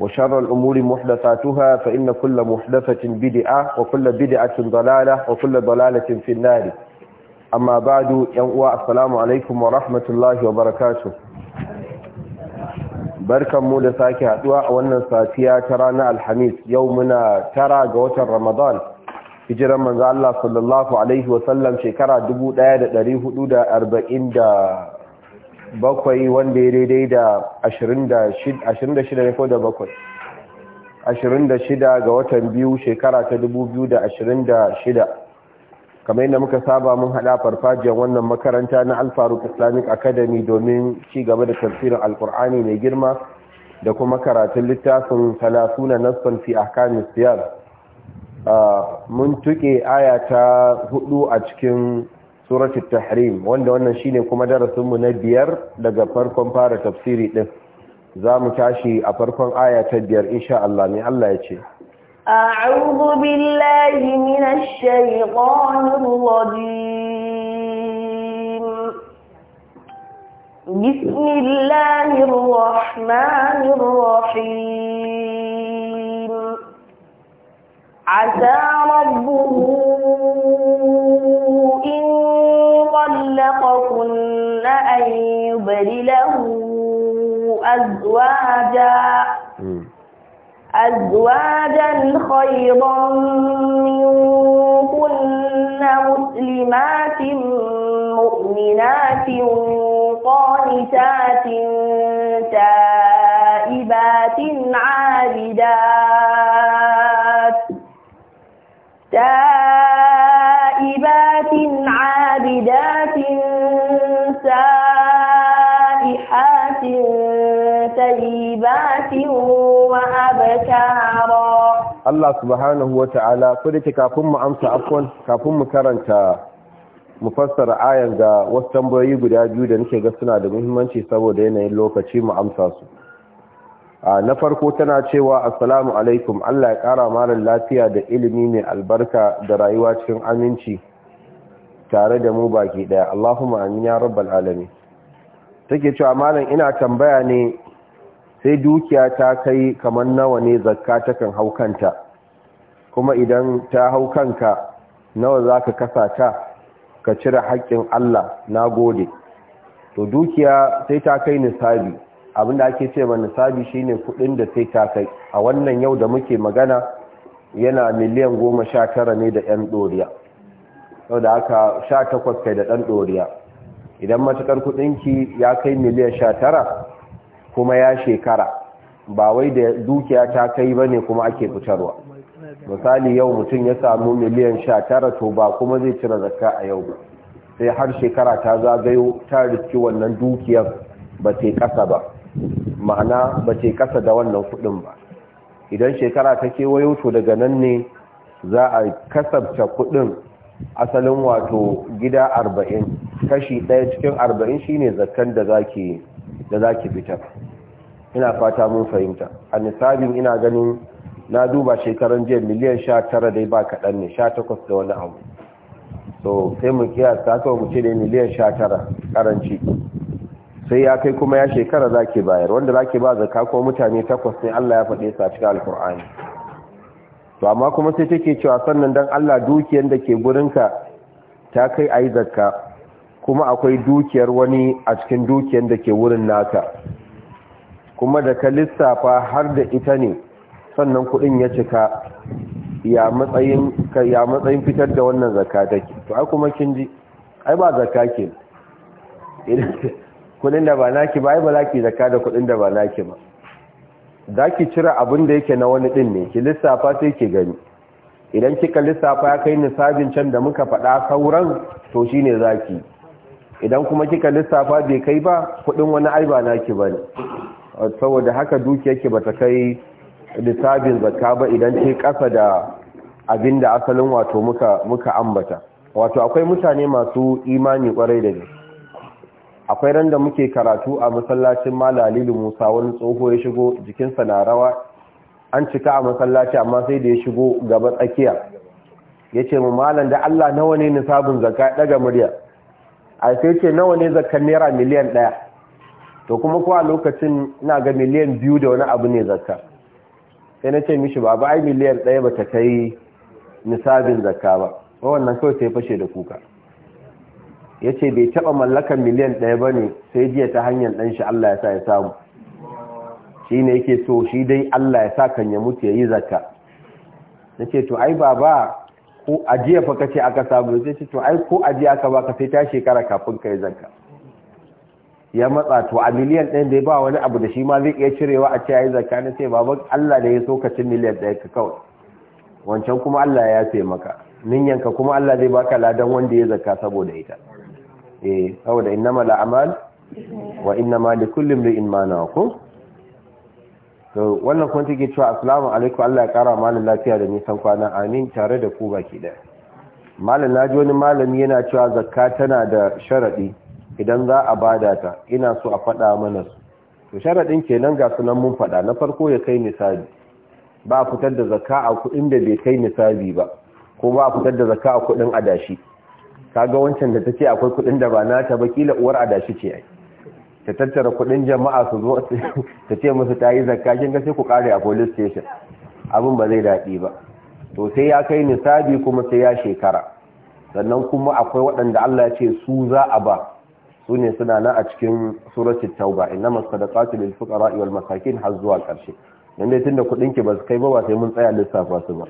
وشر الأمور محدثاتها فإن كل محدثة بدعة وكل بدعة ضلالة وكل ضلالة في النار أما بعد ينقوى السلام عليكم ورحمة الله وبركاته barkan mu da sake haduwa a wannan safiya ta ranar alhamis yau muna tara ga watan ramadan hijiran manzo Allah sallallahu alaihi wasallam shekara da. bakwai wanda ya daidai da 26 ne ko da bakwai 26 ga watan biyu shekara ta 2026 kamar yadda muka saba mun hada farfajiyar wannan makaranta na alfaruk islamic academy domin ci gaba da tafsirin alkur'ani mai girma da kuma karatun littafin talatuna na fi ahkamis siyar ah, mun tuke aya ta hudu a cikin suratul tahrim wanda wannan shine kuma darasin mu na biyar daga farkon fara tafsiri din zamu tashi a farkon aya ta biyar insha Allah ne Allah ya ce أعوذ بالله من الشيطان الرجيم بسم الله الرحمن خلقكن أن يبدله أزواجا أزواجا خيرا منكن مسلمات مؤمنات قانتات تائبات عابدات تائبات allah subhanahu سبحانه وتعالى فدك kafin mu amsa afwan kafin mu karanta mu fassara ayan ga wasu tambayoyi guda biyu da nake ga suna da muhimmanci saboda yanayin lokaci mu amsa su A na farko tana cewa assalamu alaikum Allah ya kara malam lafiya da ilimi mai albarka da rayuwa cikin aminci tare da mu baki daya Allahumma amin ya rabbal alamin take cewa malam ina tambaya ne sai dukiya ta kai kamar nawa ne zakka takan hau kanta kuma idan ta hau kanka nawa ka kasa ta ka cire haƙƙin Allah na gode, to dukiya sai ta kai nisabi abinda ake ce ma nisabi shine kudin da sai ta kai a wannan yau da muke magana yana miliyan goma sha tara ne da ɗan ɗoriya sau da aka sha takwas kai da ɗan ɗoriya idan matuƙar kudinki ya kai miliyan sha tara kuma ya shekara ba wai da dukiya ta kai bane kuma ake fitarwa misali yau mutum ya samu miliyan sha tara to ba kuma zai cire zakka a yau ba sai har shekara ta zagayo ta riski wannan dukiyar ba ta kasa ba ma'ana ba ta kasa da wannan kudin ba idan shekara ta kewayo to daga nan ne za a kasabta kudin asalin wato gida arba'in kashi ɗaya cikin arba'in shine zakkan da zaki da za ki fitar ina fata mun fahimta a nisabin ina ganin na duba shekaran jiya miliyan sha tara dai ba kaɗan ne sha takwas da wani abu so sai mu ta kawai mu ce ne miliyan sha tara karanci sai ya kai kuma ya shekara za bayar wanda za ki ba zaka ko mutane takwas ne allah ya faɗe sa cikin alkur'ani to amma kuma sai take cewa sannan dan allah dukiyar da ke gurinka ta kai a yi zakka kuma akwai dukiyar wani a cikin dukiyar da ke wurin naka kuma da ka lissafa har da ita ne sannan kudin ya cika ya matsayin fitar da wannan zakka take to ai kuma kin ji ai ba zakka ke kudin da ba naki ba ai ba ki zakka da kudin da ba ke ba zaki cira abin da yake na wani din ne ki lissafa sai ki gani idan kika lissafa ya kai nisabin can da muka faɗa sauran to shine zaki idan kuma kika lissafa bai kai ba kudin wani aiba naki bane saboda haka ba bata kai lissafin zakka ba idan ce kasa da abinda asalin wato muka muka ambata wato akwai mutane masu imani kwarai da ni akwai randa muke karatu a masallacin malalilu musa wani tsoho ya shigo jikinsa na rawa an cika a masallaci amma sai da ya shigo gaba tsakiya ya ce mu malam da allah nawa ne nisabin zakka daga murya a sai ce nawa ne zakar naira miliyan ɗaya to kuma ko lokacin na ga miliyan biyu da wani abu ne zakka sai na ce mishi ba ai miliyan ɗaya ba ta kai nisabin zakka ba wannan kawai sai fashe da kuka ya ce bai taɓa mallakan miliyan ɗaya ba ne sai jiya ta hanyar ɗan shi Allah ya sa ya samu shi ne yake so shi dai Allah ya sa kan ya mutu ya yi zakka na ce to ai baba ko ajiya fa kace aka samu sai ce to ai ko ajiya aka baka sai ta shekara kafin kai zanka ya matsa to a miliyan ɗaya da ba wani abu da shi ma zai iya cirewa a ce ai zaka ne sai baban Allah da ya so ka ci miliyan ɗaya ka kawai wancan kuma Allah ya yafe maka yanka kuma Allah zai baka ladan wanda ya zaka saboda ita eh saboda innamal a'mal wa innama likulli imrin ma nawa ko to wannan kuma take cewa assalamu alaikum Allah ya kara malin lafiya da nisan kwana amin tare da ku baki daya malin naji wani malami yana cewa zakka tana da sharaɗi idan za a da ta ina so a fada mana su to sharadin kenan ga sunan mun faɗa na farko ya kai misali ba a fitar da zakka a kuɗin da bai kai nisabi ba ko ba a fitar da zakka a kuɗin adashi kaga wancan da tace akwai kuɗin da ba nata ba kila uwar adashi ce ai ta tattara kudin jama'a su zo ta ce musu ta yi zakka kin ga sai ku kare a police station abin ba zai daɗi ba to sai ya kai nisabi kuma sai ya shekara sannan kuma akwai waɗanda Allah ya ce su za a ba su ne suna nan a cikin suratul tauba innamas sadaqatu lil fuqara wal masakin har zuwa ƙarshe dan dai tunda kudin ki ba su kai ba ba sai mun tsaya lissafa su ba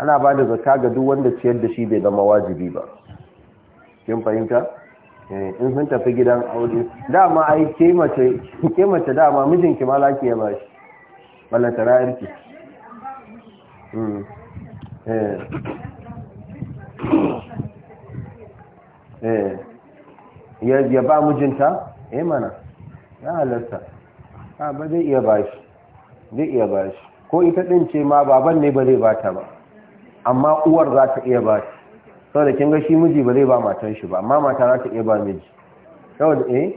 ana ba da zakka ga duk wanda ciyar da shi bai zama wajibi ba kin fahimta eh, in sun tafi gidan aure dama ai ke mace ke mace dama mijinki ma zaki ya bashi ballanta ra'ayarki hmm. eh eh ya ba mijinta eh mana ya halarta ah, ba zai iya bashi zai iya bashi ko ita din ce ma baban ne ba zai bata ba amma uwar za ta iya ba shi sau da kinga shi miji ba zai ba matan shi ba amma mata za ta iya ba miji da eh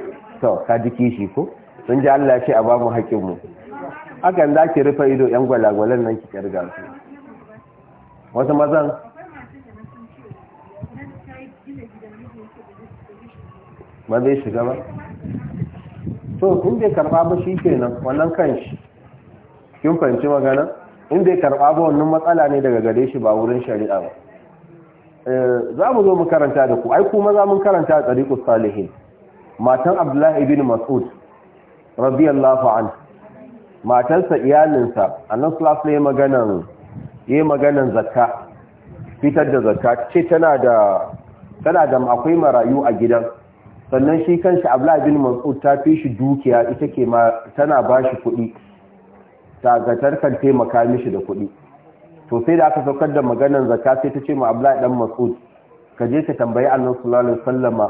to ka jiki shi ko sun ji Allah ya ce a babu haƙinmu hakan za ki rufe ido yan gwalagwalan nan ki kirga su wasu mazan ba zai shiga ba to in bai karba ba shi kenan wannan kan shi kin fahimci magana in bai karɓa ba wannan matsala ne daga gare shi ba wurin shari'a ba eh, za mu zo mu karanta da ku ai kuma za mun karanta a tsariƙu salihin matan abdullahi ibn mas'ud radiyallahu an matarsa iyalinsa annan sulafin ya maganan ya maganan zakka fitar da zakka ce tana da akwai marayu a gidan sannan shi kanshi abdullahi ibn mas'ud ta fi shi dukiya ita ke ma tana ba shi kuɗi sagatar kan taimaka mishi da kuɗi to sai da aka saukar da maganar zakka sai ta ce ma Abdullahi dan Mas'ud ka je ka tambayi Annabi sallallahu alaihi wasallama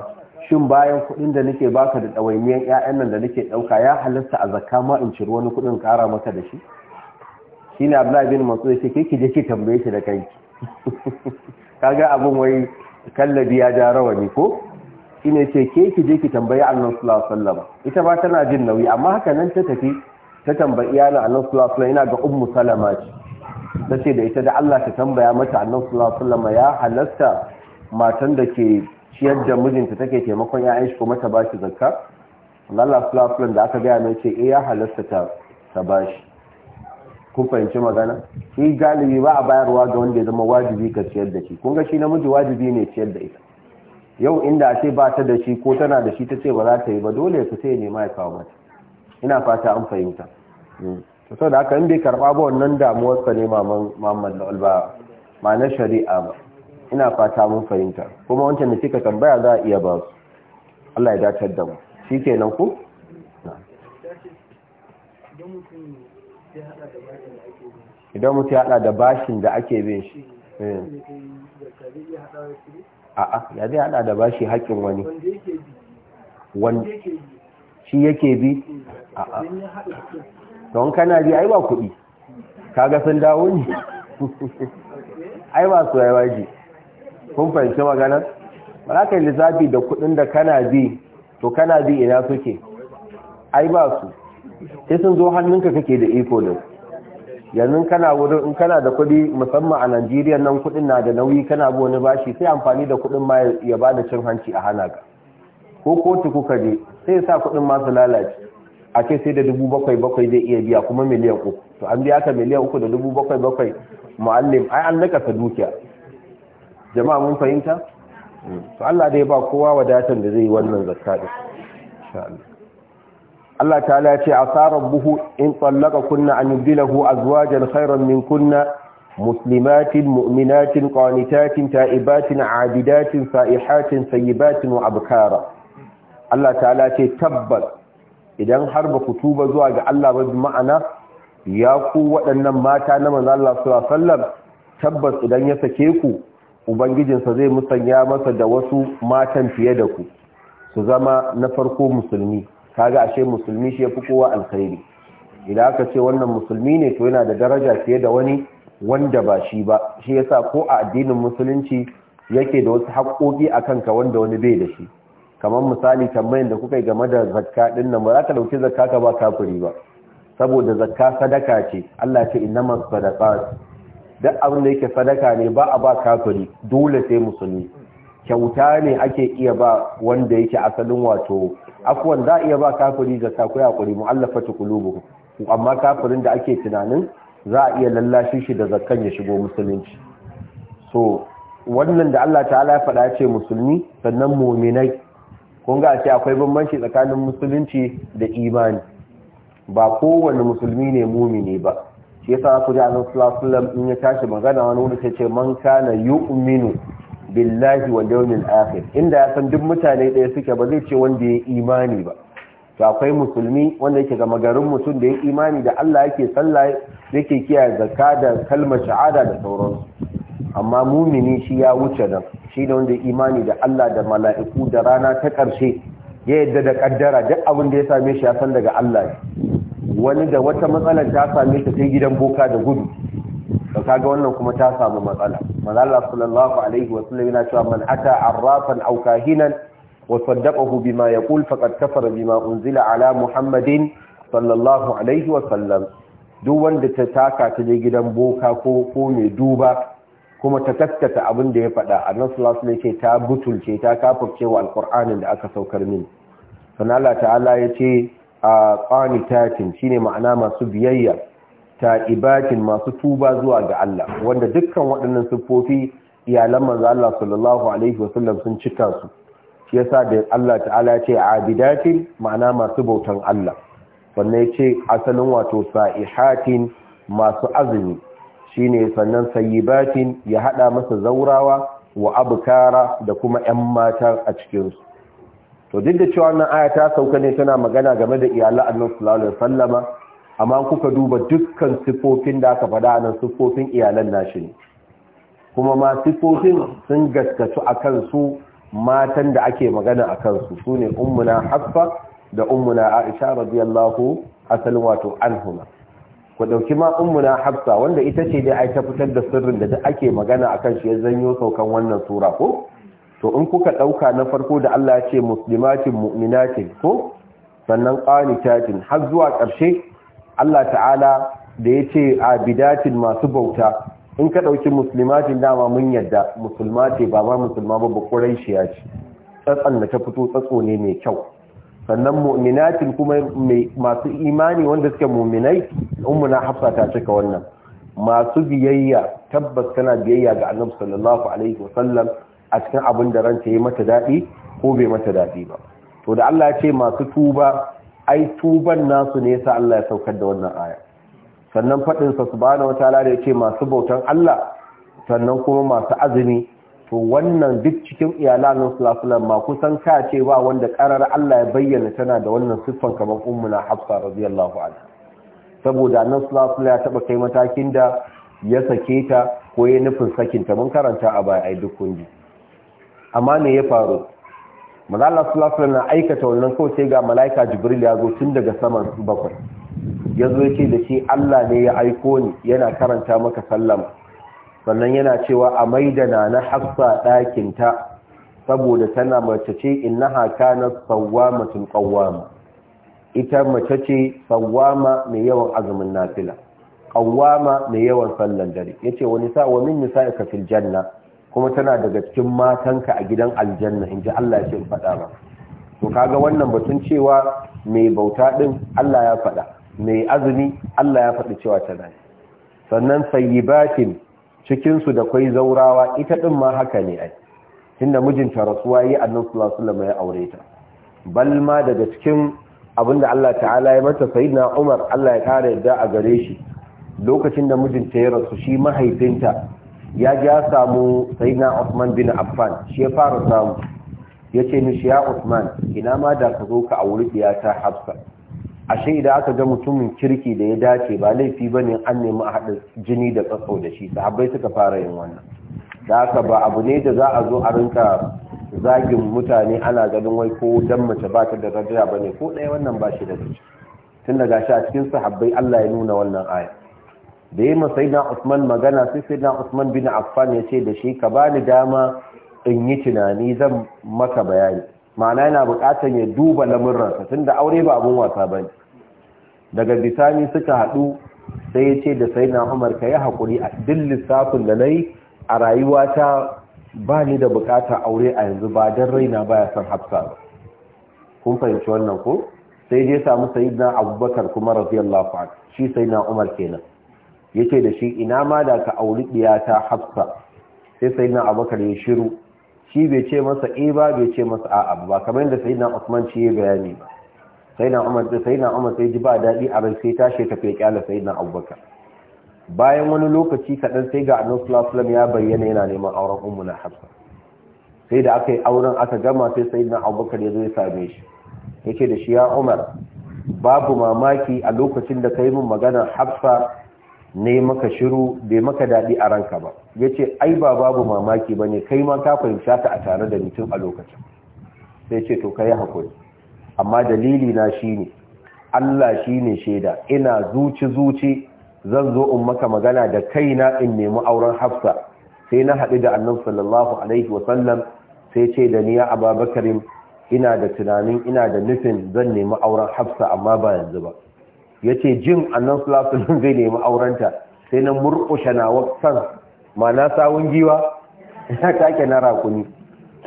shin bayan kuɗin da nake baka da ɗawainiyan ƴaƴan nan da nake ɗauka ya halasta a zakka ma in ciro wani kuɗin kara maka da shi shine Abdullahi bin Mas'ud yake kike je ki tambaye shi da kanki kaga abun wai kallabi ya ja rawani ko shine ce ke ki je ki tambayi Annabi sallallahu alaihi wasallama ita ba tana jin nauyi amma haka nan ta tafi ta tambayi yana a nan yana ina ga ummu salama ce tace da ita da Allah ta tambaya mata annabi sallallahu alaihi ya halatta matan da ke ciyar da mijinta take taimakon ya'yan aishi kuma ta ba shi zakka Allah sallallahu da aka gaya mai ce eh ya halatta ta ta ba shi kun fahimci magana shi galibi ba a bayarwa ga wanda ya zama wajibi ga ciyar da shi kun shi namiji wajibi ne ciyar da ita yau inda ce ba ta da shi ko tana da shi ta ce ba za ta yi ba dole ka ya nema ya kawo mata ina fata an fahimta so hmm. da aka inda bai karba ba wannan damuwarsa ne maman Muhammad Lawal ba ma na shari'a ba ina fata mun fahimta kuma wancan da kika tambaya za a iya ba su Allah ya dacar da mu shikenan ku idan mutum ya hada da bashin da ake bin shi eh. a'a ya zai hada da bashi haƙƙin wani wanda shi yake bi a'a don kana bi ai ba kuɗi kaga sun dawo ne ai ba su yawa ji kun fahimci magana ba za ka yi lissafi da kuɗin da kana bi to kana bi ina suke ai ba su sai sun zo hannunka kake da iko da yanzu kana wurin in kana da kuɗi musamman a Najeriya nan kuɗin na da nauyi kana bi wani bashi sai amfani da kuɗin ma ya bada cin hanci a hana ka ko kotu kuka je sai sa kuɗin masu lalace a ce sai da dubu bakwai bakwai zai iya biya kuma miliyan uku to an biya ka miliyan uku da dubu bakwai bakwai ma'allim ai an nakasa dukiya jama'a mun fahimta mm. to Allah dai ba kowa wadatan da zai yi wannan zakka din insha Allah Allah ta'ala ce asara buhu in tsallaka kunna an yubilahu azwajan khairan min kunna muslimatin mu'minatin qanitatin ta'ibatin abidatin sa'ihatin sayyibatin wa abkara Allah ta'ala ce tabbas idan har ba ku tuba zuwa ga Allah ba ma'ana ya ku waɗannan mata na manzo Allah sallallahu alaihi tabbas idan ya sake ku ubangijinsa zai musanya masa da wasu matan fiye da ku su zama na farko musulmi kaga ashe musulmi shi yafi kowa alkhairi idan aka ce wannan musulmi ne to yana da daraja fiye da wani wanda ba shi ba shi yasa ko a addinin musulunci yake da wasu haƙoƙi akan ka wanda wani bai da shi kamar misali tambayin da kuka yi game da zakka din nan ba za ka dauki zakka ka ba kafiri ba saboda zakka sadaka ce Allah ce innamas sadaqa duk abin da yake sadaka ne ba a ba kafiri dole sai musulmi kyauta ne ake iya ba wanda yake asalin wato akwai za iya ba kafiri zakka mu yakuri mu'allafatu qulubuhum amma kafirin da ake tunanin za a iya lallashi shi da zakkan ya shigo musulunci so wannan da Allah ta'ala ya faɗa ce musulmi sannan muminai kun ga ce akwai bambanci tsakanin musulunci da imani ba kowane musulmi ne mumini ba shi yasa ku ji annabi sallallahu alaihi in ya tashi magana wani wanda ce man kana yu'minu billahi wal yawmil akhir inda ya san duk mutane ɗaya suke ba zai ce wanda ya imani ba to akwai musulmi wanda yake gama garin mutum da ya imani da Allah yake sallah yake kiyaye zakka da kalmar shahada da sauransu amma mumini shi ya wuce nan shi ne wanda imani da Allah da mala'iku da rana ta ƙarshe ya yadda da ƙaddara duk abin da ya same shi ya san daga Allah wani da wata matsalar ta same ta sai gidan boka da gudu ka kaga wannan kuma ta samu matsala manalla sallallahu alaihi wa sallam yana cewa man ata arrafan aw kahinan wa saddaqahu bima yaqul faqad kafara bima unzila ala muhammadin sallallahu alaihi wa sallam duk wanda ta taka ta je gidan boka ko ko mai duba kuma ta taskata abin da ya faɗa a sallallahu alaihi ce ta butulce ta kafafce wa Alƙur'anin da aka saukar mini sana Allah ta'ala ce, a shi shine ma'ana masu biyayya ta ibatin masu tuba zuwa ga Allah wanda dukkan waɗannan siffofi iyalan manzo Allah sallallahu alaihi wasallam sun cika su shi yasa da Allah ta'ala ce abidatin ma'ana masu bautan Allah Wannan ya ce asalin wato sa'ihatin masu azumi shine sannan sayi sayyibatin ya haɗa masa zaurawa wa abkara da kuma ƴan mata a cikinsu. su to duk da cewa wannan aya ta sauka ne tana magana game da iyalan Annabi sallallahu alaihi wasallama amma kuka duba dukkan sifofin da aka faɗa nan sifofin iyalan nashi ne kuma ma sifofin sun gaskatu akan su matan da ake magana akan su sune ummuna Hafsa da ummuna Aisha radiyallahu asalin wato anhuma ku dauki ma ummuna hafsa wanda ita ce dai ai ta fitar da sirrin da duk ake magana akan shi ya zanyo saukan wannan sura ko to in kuka dauka na farko da Allah ya ce muslimatin mu'minatin ko sannan qanitatin har zuwa karshe Allah ta'ala da ya ce abidatin masu bauta in ka dauki muslimatin dama mun yadda musulma ce ba ma musulma ba ba quraishiya ce tsatsan da ta fito tsatso ne mai kyau sannan mu'minatin kuma masu imani wanda suke mu'minai na hafsa ta cika wannan masu biyayya tabbas tana biyayya ga annabi sallallahu alaihi wasallam a cikin abin da ranta yi mata daɗi ko bai mata daɗi ba to da Allah ya ce masu tuba ai tuban nasu ne yasa Allah ya saukar da wannan aya sannan sa subhanahu wataala da ya ce masu bautan Allah sannan kuma masu azumi to wannan duk cikin iyalan sulafulan ma kusan ka ce ba wanda karar Allah ya bayyana tana da wannan siffan kamar ummuna hafsa radiyallahu anha saboda nan sulafula ya taba kai matakin da ya sake ta ko ya nufin sakin ta mun karanta a baya ai duk kunji amma me ya faru manzo Allah sulasulan na aikata wannan ko sai ga malaika jibril ya zo tun daga saman bakwai yazo ya ce da shi Allah ne ya aiko ni yana karanta maka sallama sannan yana cewa a maidana na hafsa ɗakinta saboda tana mace ce haka na tsawama tun qawwama ita mace ce tsawama mai yawan azumin nafila ƙawama mai yawan sallan dare Ya ce, wani sa wa min ya fil janna kuma tana daga cikin matanka a gidan aljanna in ji Allah ya ce faɗa ba to kaga wannan batun cewa mai bauta din Allah ya faɗa mai azumi Allah ya faɗi cewa tana sannan sayi sayyibatin cikinsu da kwai zaurawa ita ɗin ma haka ne ai tunda mijinta rasuwa yi annan sulasulama ya aure ta bal ma daga cikin abinda Allah ta'ala ya mata sai na umar Allah ya kare yadda a gare shi lokacin da mijinta ya rasu shi mahaifinta ya ja samu sai na Usman bin Affan shi ya fara samu ya ce mishi ya Usman ina ma da ka zo ka auri ta Hafsa ashe idan aka ga mutumin kirki da ya dace ba laifi ba ne an nemi a haɗa jini da tsatsau da shi sahabbai suka fara yin wannan da haka ba abu ne da za a zo a rinka zagin mutane ana ganin wai ko dan mace ba ta da daraja ba ne ko ɗaya wannan ba shi da zuci tun daga shi a cikin sahabbai Allah ya nuna wannan aya da yi masai na Usman magana sai sai na Usman bin Affan ya ce da shi ka ba ni dama in yi tunani zan maka bayani ma'ana yana buƙatar ya duba lamurransa tunda aure ba abun wasa ba ne. daga bisani suka haɗu sai ya ce da sai na umar ka yi haƙuri a duk lissafin da na yi a rayuwata ba ni da bukatar aure a yanzu ba don raina baya son hafsa ba kun fahimci wannan ko sai je samu na abubakar kuma rafiyar anhu shi sai na umar kenan ce da shi ina ma da ka auri ta hafsa sai sai na abubakar ya shiru shi bai ce masa eh ba bai ce masa a'a ba kamar yadda na usman ce ya bayani ba sayyidina umar sayyidina umar sai ji ba dadi a rai sai tashi ta fike kyala sayyidina abubakar bayan wani lokaci kaɗan sai ga annabi sallallahu ya bayyana yana neman auren ummu na hafsa sai da aka yi auren aka gama sai sayyidina abubakar ya zo ya same shi yake da shi ya umar babu mamaki a lokacin da kai mun magana hafsa ne maka shiru bai maka daɗi a ranka ba yace ai ba babu mamaki bane kai ma ka fahimta ta a tare da mutum a lokacin sai ce to kai hakuri amma dalili na ne, Allah shi ne shaida ina zuci zuci zan zo in maka magana da kaina in nemi auren Hafsa sai na haɗu da annan sallallahu alaihi wasallam sai ce da ni ya bakarin ina da tunanin ina da nufin zan nemi auren Hafsa amma ba yanzu ba yace jin annan sallallahu zai nemi aurenta sai na murƙushe na waksan ma na sawun giwa ya take na rakuni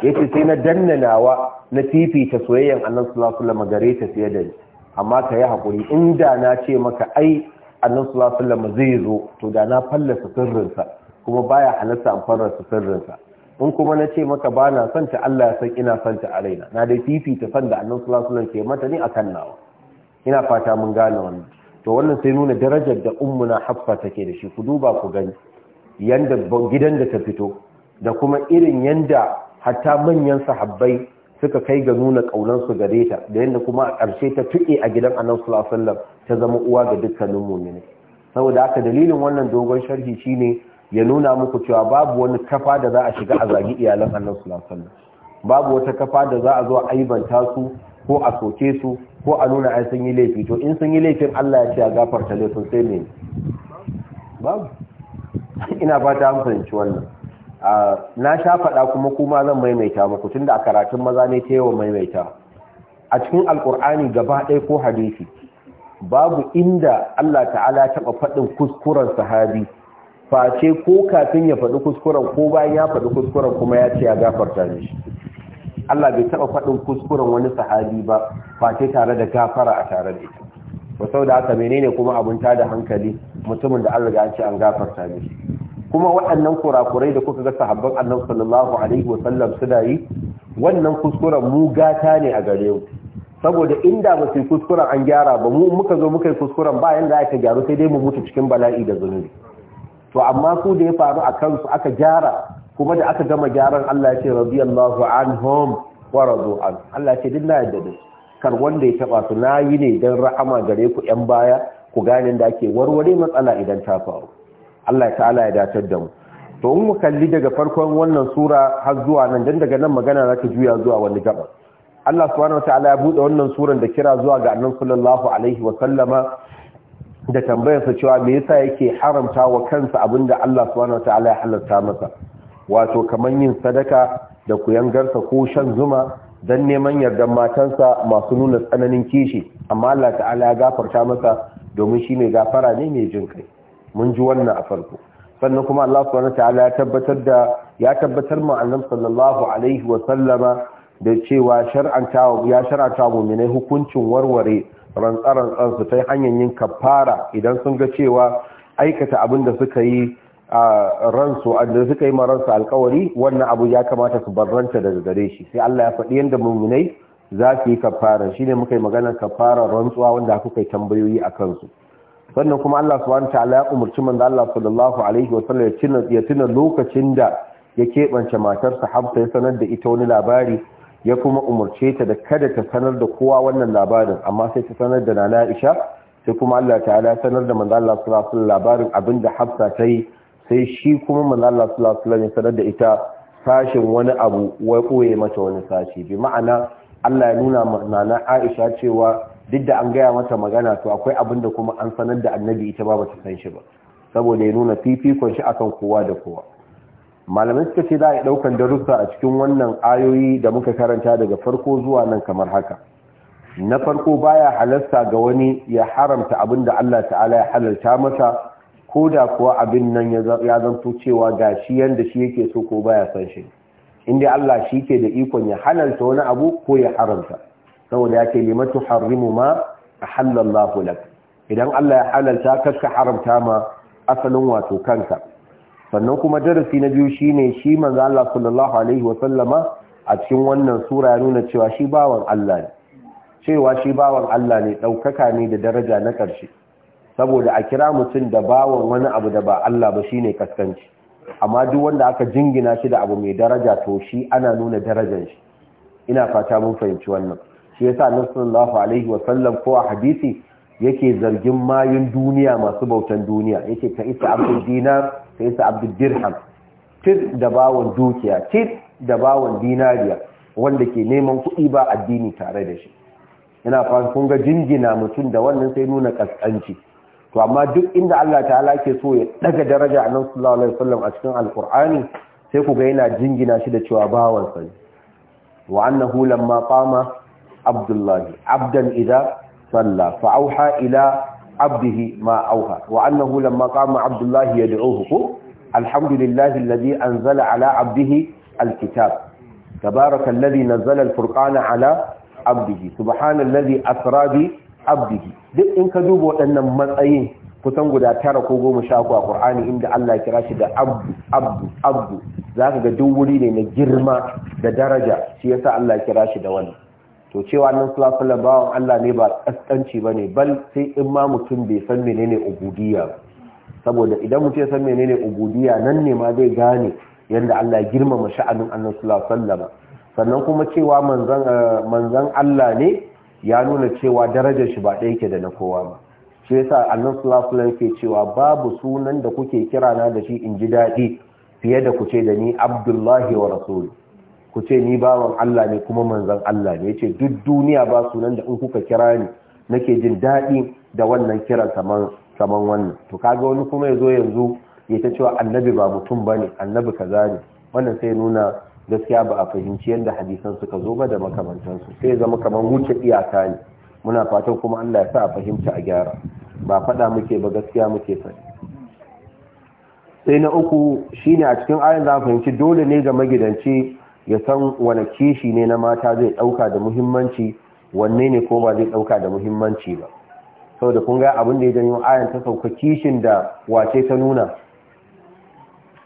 yace sai na danna nawa na fifita soyayyan annan sulasula magare gare ta fiye da ni amma ka yi haƙuri inda na ce maka ai annan sulasula ma zai zo to da na fallasa sirrinsa kuma baya halatta an fallasa sirrinsa in kuma na ce maka ba na son ta Allah ya san ina son ta a raina na dai fifita son da annan sulasula ke mata ni akan nawa ina fata mun gane wannan to wannan sai nuna darajar da ummuna hafsa take da shi ku duba ku gani yanda gidan da ta fito da kuma irin yanda hatta manyan sahabbai suka kai ga nuna ƙaunansu gare ta da yadda kuma a ƙarshe ta tuƙe a gidan annabi sallallahu alaihi ta zama uwa ga dukkanin mu'mini saboda haka dalilin wannan dogon sharhi shine ya nuna muku cewa babu wani kafa da za a shiga a zagi iyalan annabi sallallahu alaihi wasallam babu wata kafa da za a zo a aibanta su ko a soke su ko a nuna ai sun yi laifi to in sun yi laifin Allah ya ce a gafarta laifin sai ne babu ina fata an fahimci wannan na sha faɗa kuma kuma zan maimaita muku da a karatun maza ne ta yawa maimaita a cikin alkur'ani gaba ɗaya ko hadisi babu inda Allah ta'ala taɓa faɗin kuskuren sahabi face ko kafin ya faɗi kuskuren ko bayan ya faɗi kuskuren kuma ya ce ya gafarta ne shi Allah bai taɓa faɗin kuskuren wani sahabi ba face tare da gafara a tare da ita ba sau da haka menene kuma abin tada hankali mutumin da Allah ga an ce an gafarta ne shi kuma waɗannan kurakurai da kuka ga sahabban annabi sallallahu alaihi wa sallam suna yi wannan kuskuren mugata ne a gare mu saboda inda ba su kuskuren an gyara ba mu muka zo muka yi kuskuren ba yanda aka gyaru sai dai mu mutu cikin bala'i da zunubi to amma ku da ya faru a kansu aka gyara kuma da aka gama gyaran Allah ya ce radiyallahu anhum wa radu an Allah ya ce dinna yadda da kar wanda ya taba su nayi ne dan rahama gare ku yan baya ku gane da ake warware matsala idan ta faru Allah ta'ala ya datar da mu to in mu kalli daga farkon wannan sura har zuwa nan dan daga nan magana zaka juya zuwa wani gaba Allah subhanahu wataala ya bude wannan suran da kira zuwa ga annabi sallallahu alaihi wa sallama da tambayarsa cewa me yasa yake haramta wa kansa abinda Allah subhanahu wataala ya halarta masa wato kaman yin sadaka da garsa ko shan zuma dan neman yardan matansa masu nuna tsananin kishi amma Allah ta'ala ya gafarta masa domin shi mai gafara ne mai jin kai mun ji wannan a farko sannan kuma Allah subhanahu wataala ya tabbatar da ya tabbatar mu annabi sallallahu alaihi wa sallama da cewa shar'anta ya shar'anta mu'minai hukuncin warware rantsaran kansu ta hanyar yin kafara idan sun ga cewa aikata abin da suka yi a ransu da suka yi maransu alkawari wannan abu ya kamata su barranta daga gare shi sai Allah ya faɗi yadda mummunai za su yi kafara shi ne muka yi maganar kafarar rantsuwa wanda kuka kai tambayoyi a kansu sannan kuma Allah subhanahu ta'ala ya umarci manzo Allah sallallahu alaihi wasallam ya tuna ya tuna lokacin da ya kebance matarsa Hafsa ya sanar da ita wani labari ya kuma umarce ta da kada ta sanar da kowa wannan labarin amma sai ta sanar da Nana Aisha sai kuma Allah ta'ala ya sanar da manzo Allah sallallahu alaihi wasallam labarin abinda Hafsa ta yi sai shi kuma manzo Allah sallallahu alaihi wasallam ya sanar da ita sashin wani abu wai koye mata wani sashi bi ma'ana Allah ya nuna Nana Aisha cewa duk da an gaya mata magana to akwai abin da kuma an sanar da annabi ita ba bata san shi ba saboda ya nuna fifikon shi akan kowa da kowa malamai suka ce za a yi darussa a cikin wannan ayoyi da muka karanta daga farko zuwa nan kamar haka na farko baya halasta ga wani ya haramta abin da Allah ta'ala ya halalta masa ko da kuwa abin nan ya zanto cewa ga shi yanda shi yake so ko baya san shi inda Allah shi ke da ikon ya halalta wani abu ko ya haramta saboda ya ce limatu harrimu ma ahallallahu lak idan Allah ya halalta ka haramta ma asalin wato kanka sannan kuma darasi na biyu shine shi manzo Allah sallallahu alaihi wa sallama a cikin wannan sura ya nuna cewa shi bawan Allah ne cewa shi bawan Allah ne daukaka ne da daraja na karshe saboda a kira mutum da bawan wani abu da ba Allah ba shine kaskanci amma duk wanda aka jingina shi da abu mai daraja to shi ana nuna darajar shi ina fata mun fahimci wannan shi yasa annabi sallallahu alaihi wa sallam ko a hadisi yake zargin mayun duniya masu bautan duniya yake ka isa abdul dinar ka isa abdul dirham tit da bawon dukiya tit da bawon dinariya wanda ke neman kuɗi ba addini tare da shi ina fara kun ga jingina mutum da wannan sai nuna kaskanci to amma duk inda Allah ta'ala ke so ya daga daraja annabi sallallahu alaihi wasallam a cikin alqur'ani sai ku ga yana jingina shi da cewa bawan sa wa annahu lamma qama abdullahi abdan idza salla fa'auha ila abdihi ma auha wa annahu lamma qama abdullahi yad'uhu alhamdulillahi alladhi anzala ala abdihi alkitab tabaraka alladhi nazzala alfurqana ala abdihi subhanalladhi asra bi abdihi duk in ka duba waɗannan matsayin kusan guda tara ko goma sha a ƙur'ani inda Allah kira shi da abdu abdu abdu za ka ga duk wuri ne na girma da daraja shi yasa Allah kira shi da wani. to cewa nan sulafula bawan Allah ne ba kaskanci ba ne bal sai in ma mutum bai san menene ubudiyya ba saboda idan mutum ya san menene ubudiya nan ne ma zai gane yadda Allah ya girmama sha'anin annan sulafula sannan kuma cewa manzan eh, Allah ne ya nuna cewa darajar shi ba ɗaya ke da na kowa ba shi yasa annan sulasulan ke cewa babu sunan da kuke kirana da shi in ji daɗi fiye da ku ce da ni abdullahi wa rasulu ku ce ni bawan Allah ne kuma manzon Allah ne yace duk duniya ba sunan da in kuka kira ni nake jin daɗi da wannan kiran saman wannan to kaga wani kuma ya zo yanzu ya ta cewa annabi ba mutum ba bane annabi kaza ne wannan sai nuna gaskiya ba a fahimci yadda hadisan suka zo ba da makamantansu sai zama kamar wuce iyaka ne muna fatan kuma Allah ya sa a fahimta a gyara ba faɗa muke ba gaskiya muke faɗi sai na uku shine a cikin ayan za fahimci dole ne ga magidanci ya san wane kishi ne na mata zai ɗauka da muhimmanci wanne ne ko ba zai ɗauka da muhimmanci ba saboda kun ga abin da ya janyo ayan ta sauka kishin da wace ta nuna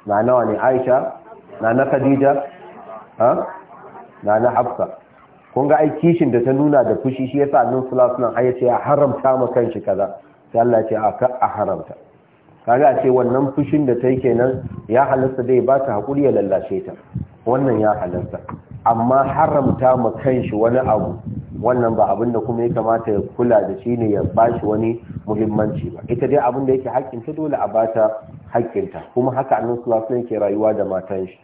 na nawa ne aisha na na khadija ha na na hafsa kun ga ai kishin da ta nuna da fushi shi yasa annabi sallallahu alaihi wasallam ya ce a haramta ma kanshi kaza sai Allah ya ce a ka a haramta kaga a ce wannan fushin da ta yi kenan ya halasta dai ba ta hakuri ya lallashe ta wannan ya halarta amma haramta ma kan shi wani abu wannan ba abin da kuma ya kamata ya kula da shi ne ya bashi wani muhimmanci ba ita dai abin da yake haƙƙinta dole a bata haƙƙinta kuma haka annabi sallallahu alaihi yake rayuwa da matan shi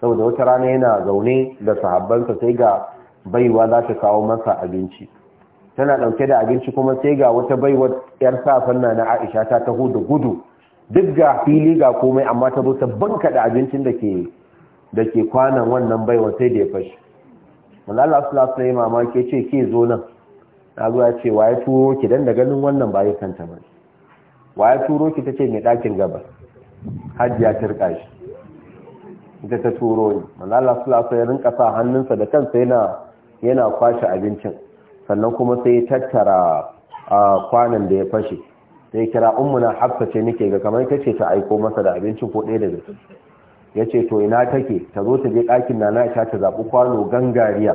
saboda wata rana yana zaune da sahabbansa sai ga baiwa za ta kawo masa abinci tana ɗauke da abinci kuma sai ga wata baiwa yar safan na na Aisha ta taho da gudu duk ga fili ga komai amma ta zo ta banka da abincin da ke da ke kwanan wannan baiwa sai da ya fashi malala na yi mamaki ce ke zo nan na zuwa ce wa ya turo ki dan da ganin wannan ba ya kanta ba wa ya turo ki ta ce mai ɗakin gaba hajjiya ya rika shi ita ta turo ni malala asula lafi ya rinka sa hannunsa da kansa yana yana kwashe abincin sannan kuma sai ya tattara kwanan da ya fashe sai kira ummuna hafsa ce nake ga kamar ita ce ta aiko masa da abincin ko ɗaya da zai ya ce to ina take ta zo ta je ɗakin na na ta zaɓi kwano gangariya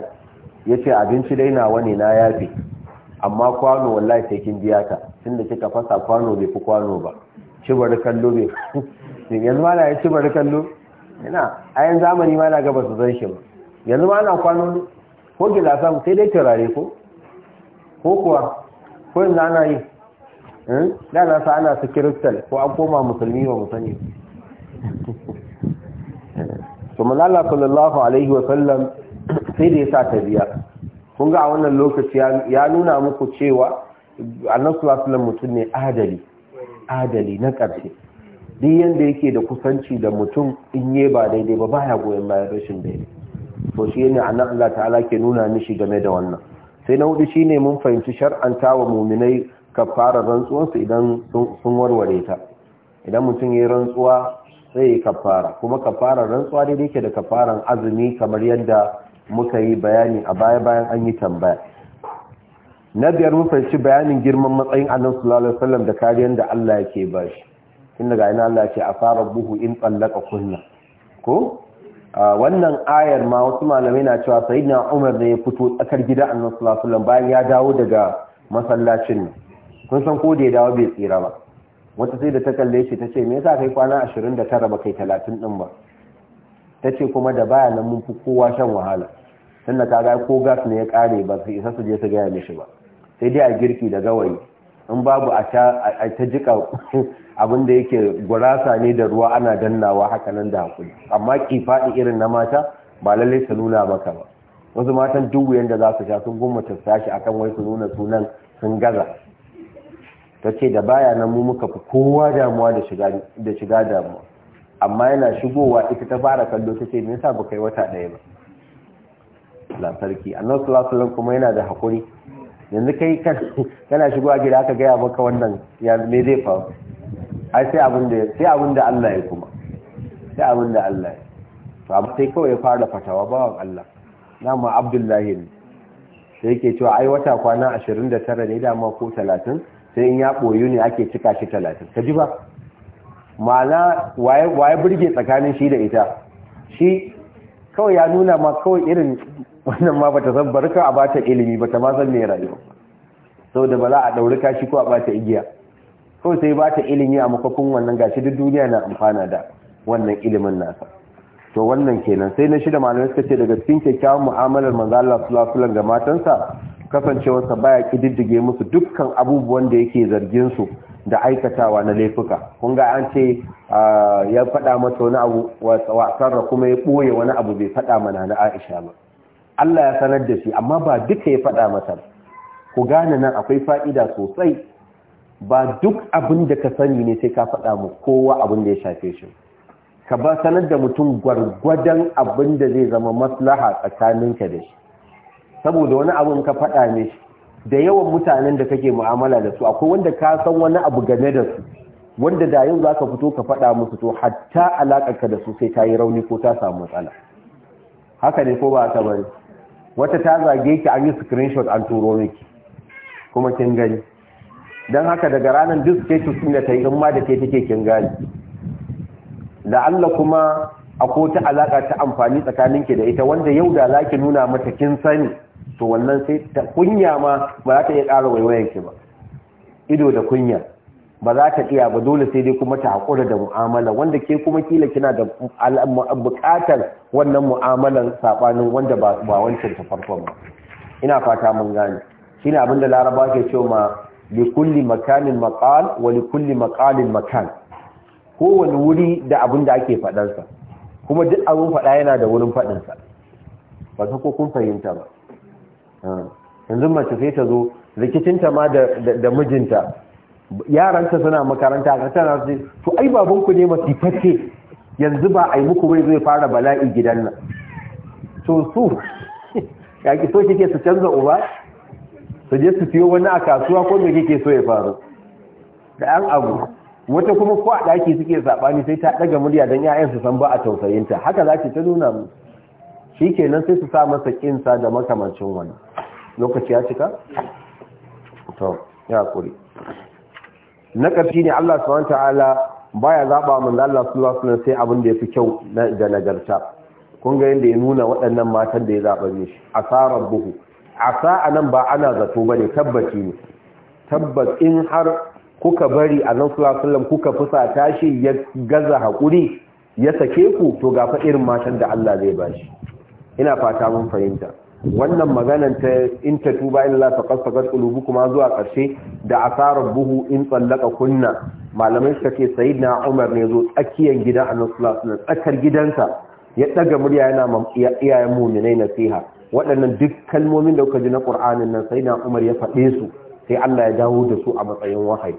ya ce abinci dai nawa ne na yafe amma kwano wallahi sai kin biya ta tun da kika fasa kwano bai fi kwano ba ci bari kallo bai yanzu ma na ya ci bari kallo ina ayan zamani ma na gaba su zan shi ba yanzu ma ana kwano ne ko gilasan sai dai turare ko ko kuwa ko yanzu ana yi hmm? da na sa ana su kiristal ko an koma musulmi ba mu sani to manala sallallahu alaihi wa sallam sai da yasa sa biya. kun ga a wannan lokaci ya nuna muku cewa annabi sallallahu mutum ne adali adali na karshe duk yanda yake da kusanci da mutum in ye ba daidai ba baya goyon bayan rashin daidai to shi ne annabi Allah ta'ala ke nuna mishi game da wannan sai na hudu shine mun fahimci shar'anta wa mu'minai kafara rantsuwarsu idan sun warware ta idan mutum ya rantsuwa sai kafara kuma kafarar rantsuwa ne yake da kafaran azumi kamar yadda muka yi bayani a baya bayan an yi tambaya na biyar mun fahimci bayanin girman matsayin annabi sallallahu alaihi wasallam da kariyar da Allah yake ba shi tun daga ina Allah ce a fara buhu in tsallaka kunna ko wannan ayar ma wasu malamai na cewa sayyidina Umar ne ya fito tsakar gida annabi sallallahu alaihi wasallam bayan ya dawo daga masallacin kun san ko da ya dawo bai tsira ba wata sai da ta kalle shi ta ce me yasa kai kwana 29 ba kai 30 din ba ta ce kuma da baya nan mun fi kowa shan wahala tunda kaga ko gas ne ya kare ba su isa su je su gaya mishi ba sai dai a girki da gawayi in babu a ta jika abin da yake gurasa ne da ruwa ana dannawa haka nan da hakuri amma ki kifaɗi irin na mata ba lallai su nuna maka ba wasu matan duk da za su sha sun gummata sashi akan wai su nuna sunan sun gaza ta ce da baya nan mu muka fi kowa damuwa da shiga damuwa amma yana shigowa ita ta fara kallo ta ce me sa ba kai wata ɗaya ba lantarki a sallallahu alaihi kuma yana da hakuri yanzu kai kana shigowa gida aka gaya maka wannan ya ne zai faru ai sai abin da sai abin da Allah ya kuma sai abin da Allah ya to amma sai kawai ya fara fatawa bawan Allah Na ma Abdullahi ne sai yake cewa ai wata kwana 29 ne dama ko talatin? sai in ya ɓoyu ne ake cika shi talatin ka ji ba ma'ana waye burge tsakanin shi da ita shi kawai ya nuna ma kawai irin wannan ma bata san barka a bata ilimi bata ma san me rayuwa Sau da Bala a ɗauri kashi ko a bata igiya kawai sai bata ilimi a makakun wannan gashi duk duniya na amfana da wannan ilimin nasa to wannan kenan sai na shida malamai suka ce daga cikin kyakkyawan mu'amalar manzo Allah sallallahu alaihi ga matansa kasancewarsa baya kididdige musu dukkan abubuwan da yake zargin su da aikatawa na laifuka kun ga an ce ya faɗa mata wani abu wasarra kuma ya ɓoye wani abu bai faɗa mana na Aisha ba Allah ya sanar da shi amma ba duka ya faɗa mata ku gane nan akwai fa'ida sosai ba duk abin da ka sani ne sai ka faɗa mu kowa abin da ya shafe shi ka ba sanar da mutum gwargwadon abin da zai zama maslaha tsakaninka da shi saboda wani abu ka faɗa ne da yawan mutanen da kake mu'amala da su akwai wanda ka san wani abu game da su wanda da yau za ka fito ka faɗa musu to hatta alaƙarka da su sai ta yi rauni ko ta samu matsala haka ne ko ba ta bari wata ta zage ki an yi screenshot an turo miki kuma kin gani don haka daga ranar duk status ɗin da ta yi in ma da ke take kin gani la'alla kuma akwai ta alaƙa ta amfani tsakaninki da ita wanda yau da zaki nuna mata kin sani to wannan sai ta kunya ma ba za ta iya ƙara waiwayen ki ba ido da kunya ba za ta iya ba dole sai dai kuma ta haƙura da mu'amala wanda ke kuma kila kina da buƙatar wannan mu'amalan saɓanin wanda ba wancan ta farko ba ina fata mun gane abin abinda laraba ke cewa ma li kulli makanin makal wa li kulli maqalin makan kowane wuri da abin abinda ake faɗansa kuma duk abin faɗa yana da wurin faɗinsa ba ta ko kun fahimta ba Ah. yanzu mace sai ta zo rikicinta ma da mijinta yaranta suna makaranta a tana to ai babanku ne fashe yanzu ba a yi muku wai zai fara bala'i gidan nan to su ya ki so kike su canza uba su je su siyo wani a kasuwa ko me kike so ya faru da an abu wata kuma ko a daki suke sabani sai ta ɗaga murya dan 'ya'yansu san ba a tausayinta haka za ki ta nuna mu shi kenan sai su sa masa kinsa da makamancin wani lokaci ya cika? to ya kuri na ƙarfi ne Allah subhanahu ta'ala baya zaɓa mun Allah sallallahu alaihi sai abin da ya fi kyau da nagarta kun ga ya nuna waɗannan matan da ya zaɓa ne shi asarar buhu asa anan ba ana zato ba ne, tabbaci ne tabbas in har kuka bari a nan sulasulam kuka fusa tashi ya gaza haƙuri ya sake ku to gafa irin matan da Allah zai bashi ina fata mun fahimta wannan maganan ta in ta tuba illa ta qasabat kuma zuwa ƙarshe da asarar buhu in tsallaka kunna malamai suka ce sayyidina Umar ne zo tsakiyar gidan Annabi sallallahu alaihi tsakar gidansa ya daga murya yana ma iyayen mu'minai nasiha waɗannan duk kalmomin da kuka ji na Qur'anin nan sayyidina Umar ya faɗe su sai Allah ya dawo da su a matsayin wahayi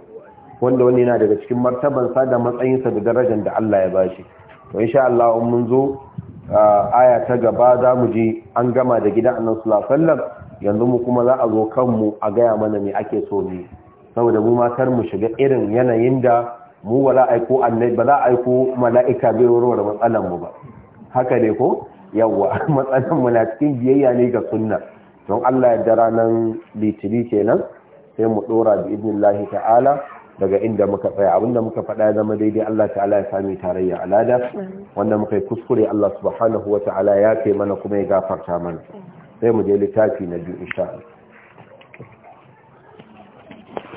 wanda wani yana daga cikin martabansa da matsayinsa da darajar da Allah ya bashi to insha Allah mun zo aya ta gaba za mu ji an gama da gidan annan sulasallam yanzu mu kuma za a zo kanmu a gaya mana ne ake so ne saboda mu matar mu shiga irin yanayin da mu ba za a aiko annai ba za a aiko mala'ika bai warware matsalan mu ba haka ne ko yawa matsalan mu na cikin biyayya ne ga sunna don Allah ya dara ranar litini kenan sai mu dora bi idnillahi ta'ala daga inda muka tsaya abinda muka faɗa ya zama daidai Allah ta'ala ya sami tarayya alada wanda muka yi kuskure Allah subhanahu wa ta'ala ya kai mana kuma ya gafarta mana sai mu je littafi na biyu insha Allah